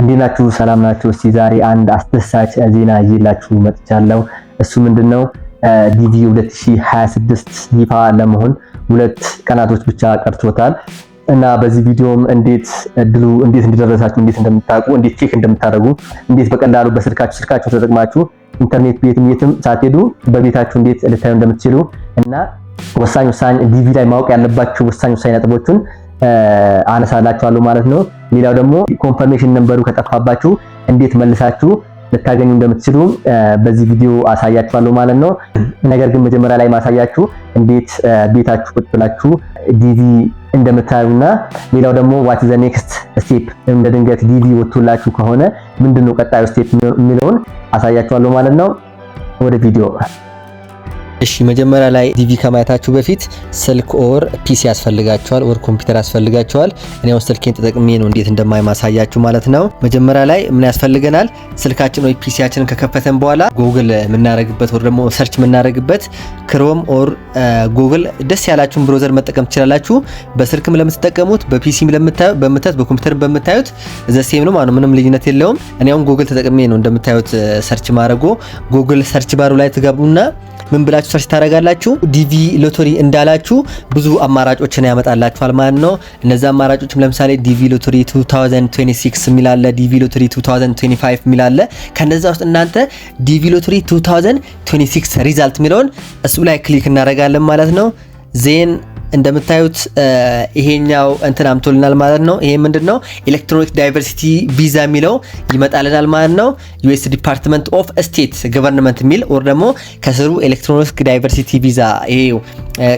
እንዴት ናችሁ? ሰላም ናችሁ? እስቲ ዛሬ አንድ አስደሳች ዜና ይዤላችሁ መጥቻለሁ። እሱ ምንድነው? ዲቪ 2026 ይፋ ለመሆን ሁለት ቀናቶች ብቻ ቀርቶታል እና በዚህ ቪዲዮም እንዴት እድሉ እንዴት እንደደረሳችሁ፣ እንዴት እንደምታውቁ፣ እንዴት ቼክ እንደምታደርጉ፣ እንዴት በቀላሉ በስልካችሁ ስልካችሁ ተጠቅማችሁ ኢንተርኔት ቤትም የትም ሳትሄዱ በቤታችሁ እንዴት ልታዩ እንደምትችሉ እና ወሳኝ ወሳኝ ዲቪ ላይ ማወቅ ያለባችሁ ወሳኝ ወሳኝ ነጥቦችን አነሳላችኋለሁ ማለት ነው። ሌላው ደግሞ ኮንፈርሜሽን ነንበሩ ከጠፋባችሁ እንዴት መልሳችሁ ልታገኙ እንደምትችሉ በዚህ ቪዲዮ አሳያችኋለሁ ማለት ነው። ነገር ግን መጀመሪያ ላይ ማሳያችሁ እንዴት ቤታችሁ ቁጭ ብላችሁ ዲቪ እንደምታዩና ሌላው ደግሞ ዋት ዘ ኔክስት ስቴፕ እንደ ድንገት ዲቪ ወቶላችሁ ከሆነ ምንድነው ቀጣዩ ስቴፕ የሚለውን አሳያችኋለሁ ማለት ነው። ወደ ቪዲዮ እሺ መጀመሪያ ላይ ዲቪ ከማየታችሁ በፊት ስልክ ኦር ፒሲ ያስፈልጋችኋል ኦር ኮምፒውተር ያስፈልጋችኋል። እኔ አሁን ስልኬን ተጠቅሜ ነው እንዴት እንደማይማሳያችሁ ማለት ነው። መጀመሪያ ላይ ምን ያስፈልገናል? ስልካችን ወይ ፒሲያችንን ከከፈተን በኋላ ጉግል የምናደርግበት ወር ደግሞ ሰርች የምናደርግበት ክሮም ኦር ጉግል ደስ ያላችሁን ብሮዘር መጠቀም ትችላላችሁ። በስልክም ለምትጠቀሙት በፒሲም ለምታዩ በምታዩት በኮምፒውተር በምታዩት ዘሴም ነው ማለት ምንም ልዩነት የለውም። እኔ አሁን ጉግል ተጠቅሜ ነው እንደምታዩት ሰርች ማድረጎ ጉግል ሰርች ባሩ ላይ ትገቡና ምን ብላችሁ ሰርች ታደርጋላችሁ? ዲቪ ሎተሪ እንዳላችሁ ብዙ አማራጮችን ያመጣላችኋል ማለት ነው። እነዚ አማራጮችም ለምሳሌ ዲቪ ሎተሪ 2026 የሚላለ ዲቪ ሎተሪ 2025 የሚላለ ከነዛ ውስጥ እናንተ ዲቪ ሎተሪ 2026 ሪዛልት የሚለውን እሱ ላይ ክሊክ እናደርጋለን ማለት ነው ዜን እንደምታዩት ይሄኛው እንትን አምቶልናል ማለት ነው። ይሄ ምንድን ነው? ኤሌክትሮኒክ ዳይቨርሲቲ ቪዛ የሚለው ይመጣልናል ማለት ነው። ዩኤስ ዲፓርትመንት ኦፍ ስቴት ገቨርንመንት የሚል ኦር ደግሞ ከስሩ ኤሌክትሮኒክ ዳይቨርሲቲ ቪዛ ይሄ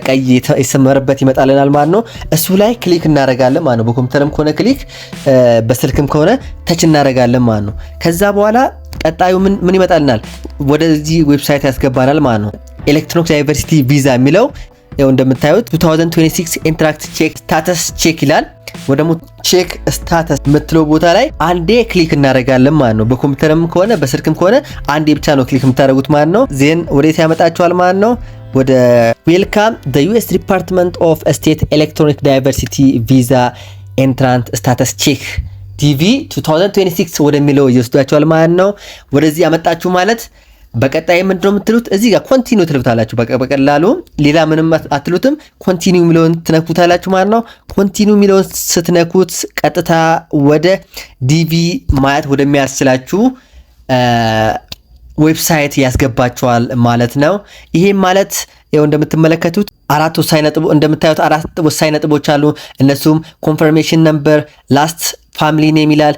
ቀይ የሰመረበት ይመጣልናል ማለት ነው። እሱ ላይ ክሊክ እናደረጋለን ማለት ነው። በኮምፒውተርም ከሆነ ክሊክ፣ በስልክም ከሆነ ተች እናደረጋለን ማለት ነው። ከዛ በኋላ ቀጣዩ ምን ይመጣልናል? ወደዚህ ዌብሳይት ያስገባናል ማለት ነው። ኤሌክትሮኒክ ዳይቨርሲቲ ቪዛ የሚለው ያው እንደምታዩት 2026 ኢንትራክት ቼክ ስታተስ ቼክ ይላል። ወይ ደግሞ ቼክ ስታተስ የምትለው ቦታ ላይ አንዴ ክሊክ እናደርጋለን ማለት ነው። በኮምፒውተርም ከሆነ በስልክም ከሆነ አንዴ ብቻ ነው ክሊክ የምታደርጉት ማለት ነው። ዜን ወዴት ያመጣችኋል ማለት ነው? ወደ ዌልካም ዘ ዩኤስ ዲፓርትመንት ኦፍ ስቴት ኤሌክትሮኒክ ዳይቨርሲቲ ቪዛ ኤንትራንት ስታተስ ቼክ ዲቪ 2026 ወደሚለው ይወስዷቸዋል ማለት ነው። ወደዚህ ያመጣችሁ ማለት በቀጣይ ምንድን ነው የምትሉት? እዚህ ጋር ኮንቲኒው ትልብታላችሁ። በቀላሉ ሌላ ምንም አትሉትም። ኮንቲኒው የሚለውን ትነኩታላችሁ ማለት ነው። ኮንቲኒው የሚለውን ስትነኩት ቀጥታ ወደ ዲቪ ማየት ወደሚያስችላችሁ ዌብሳይት ያስገባችኋል ማለት ነው። ይሄም ማለት ው እንደምትመለከቱት አራት ወሳኝ ነጥቦ እንደምታዩት አራት ወሳኝ ነጥቦች አሉ። እነሱም ኮንፈርሜሽን ነምበር፣ ላስት ፋሚሊ ኔም ይላል፣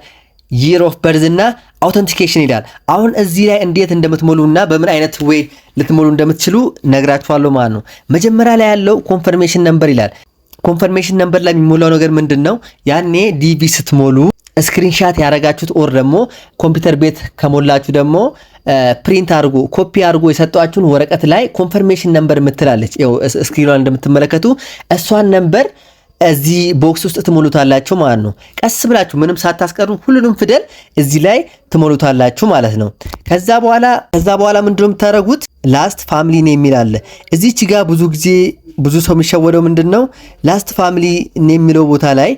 ይር ኦፍ በርዝ እና አውተንቲኬሽን ይላል። አሁን እዚህ ላይ እንዴት እንደምትሞሉና በምን አይነት ዌይ ልትሞሉ እንደምትችሉ ነግራችኋለሁ ማለት ነው። መጀመሪያ ላይ ያለው ኮንፈርሜሽን ነንበር ይላል። ኮንፈርሜሽን ነንበር ላይ የሚሞላው ነገር ምንድን ነው? ያኔ ዲቪ ስትሞሉ ስክሪንሻት ያደረጋችሁት ኦር ደግሞ ኮምፒውተር ቤት ከሞላችሁ ደግሞ ፕሪንት አድርጎ ኮፒ አድርጎ የሰጧችሁን ወረቀት ላይ ኮንፈርሜሽን ነምበር የምትላለች፣ ስክሪኗን እንደምትመለከቱ እሷን ነንበር እዚህ ቦክስ ውስጥ ትሞሉታላችሁ ማለት ነው። ቀስ ብላችሁ ምንም ሳታስቀሩ ሁሉንም ፊደል እዚህ ላይ ትሞሉታላችሁ ማለት ነው። ከዛ በኋላ ከዛ በኋላ ምንድነው የምታደርጉት? ላስት ፋሚሊ ነው የሚላለ እዚች ጋር ብዙ ጊዜ ብዙ ሰው የሚሸወደው ምንድን ነው ላስት ፋሚሊ የሚለው ቦታ ላይ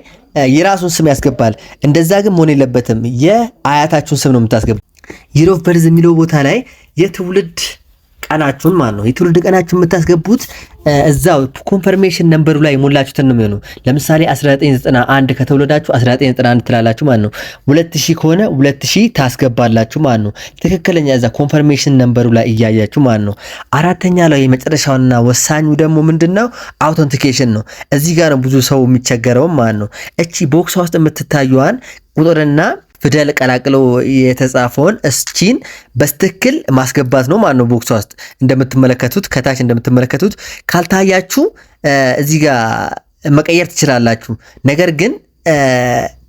የራሱን ስም ያስገባል። እንደዛ ግን መሆን የለበትም። የአያታችሁን ስም ነው የምታስገባ። ይሮፍ በርዝ የሚለው ቦታ ላይ የትውልድ ቀናችሁን ማለት ነው። የትውልድ ቀናችሁን የምታስገቡት እዛው ኮንፈርሜሽን ነንበሩ ላይ ሞላችሁትን ነው የሚሆነው። ለምሳሌ 1991 ከተወለዳችሁ 1991 ትላላችሁ ማለት ነው። 2000 ከሆነ 2000 ታስገባላችሁ ማለት ነው። ትክክለኛ እዛ ኮንፈርሜሽን ነንበሩ ላይ እያያችሁ ማለት ነው። አራተኛ ላይ የመጨረሻውና ወሳኙ ደግሞ ምንድነው? አውተንቲኬሽን ነው። እዚህ ጋር ብዙ ሰው የሚቸገረው ማለት ነው። እቺ ቦክስ ውስጥ የምትታዩዋን ቁጥርና ፊደል ቀላቅሎ የተጻፈውን እስቺን በስትክክል ማስገባት ነው ማለት ነው። ቦክሷ ውስጥ እንደምትመለከቱት ከታች እንደምትመለከቱት ካልታያችሁ እዚህ ጋር መቀየር ትችላላችሁ። ነገር ግን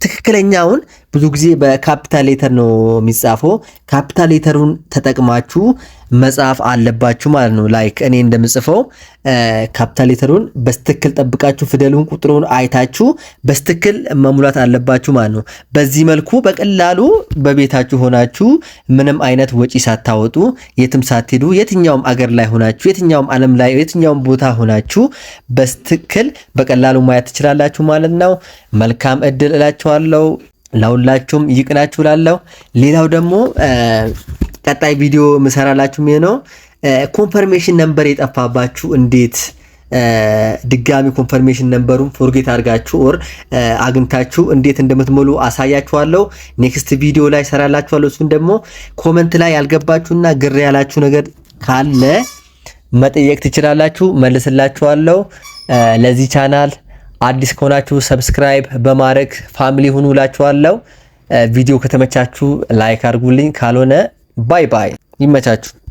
ትክክለኛውን ብዙ ጊዜ በካፒታል ሌተር ነው የሚጻፈው። ካፒታል ሌተሩን ተጠቅማችሁ መጻፍ አለባችሁ ማለት ነው። ላይክ እኔ እንደምጽፈው ካፒታል ሌተሩን በስትክክል ጠብቃችሁ ፊደሉን፣ ቁጥሩን አይታችሁ በስትክክል መሙላት አለባችሁ ማለት ነው። በዚህ መልኩ በቀላሉ በቤታችሁ ሆናችሁ ምንም አይነት ወጪ ሳታወጡ የትም ሳትሄዱ የትኛውም አገር ላይ ሆናችሁ የትኛውም ዓለም ላይ የትኛውም ቦታ ሆናችሁ በስትክክል በቀላሉ ማየት ትችላላችሁ ማለት ነው። መልካም እድል እላችኋለሁ። ለሁላችሁም ይቅናችሁ ላለው። ሌላው ደግሞ ቀጣይ ቪዲዮ ምሰራላችሁ ይሄ ነው። ኮንፈርሜሽን ነምበር የጠፋባችሁ እንዴት ድጋሚ ኮንፈርሜሽን ነምበሩን ፎርጌት አድርጋችሁ ኦር አግኝታችሁ እንዴት እንደምትሞሉ አሳያችኋለሁ። ኔክስት ቪዲዮ ላይ ሰራላችኋለሁ። እሱን ደግሞ ኮመንት ላይ ያልገባችሁና ግር ያላችሁ ነገር ካለ መጠየቅ ትችላላችሁ፣ መልስላችኋለሁ። ለዚህ ቻናል አዲስ ከሆናችሁ ሰብስክራይብ በማድረግ ፋሚሊ ሁኑ እላችኋለሁ። ቪዲዮ ከተመቻችሁ ላይክ አድርጉልኝ። ካልሆነ ባይ ባይ። ይመቻችሁ።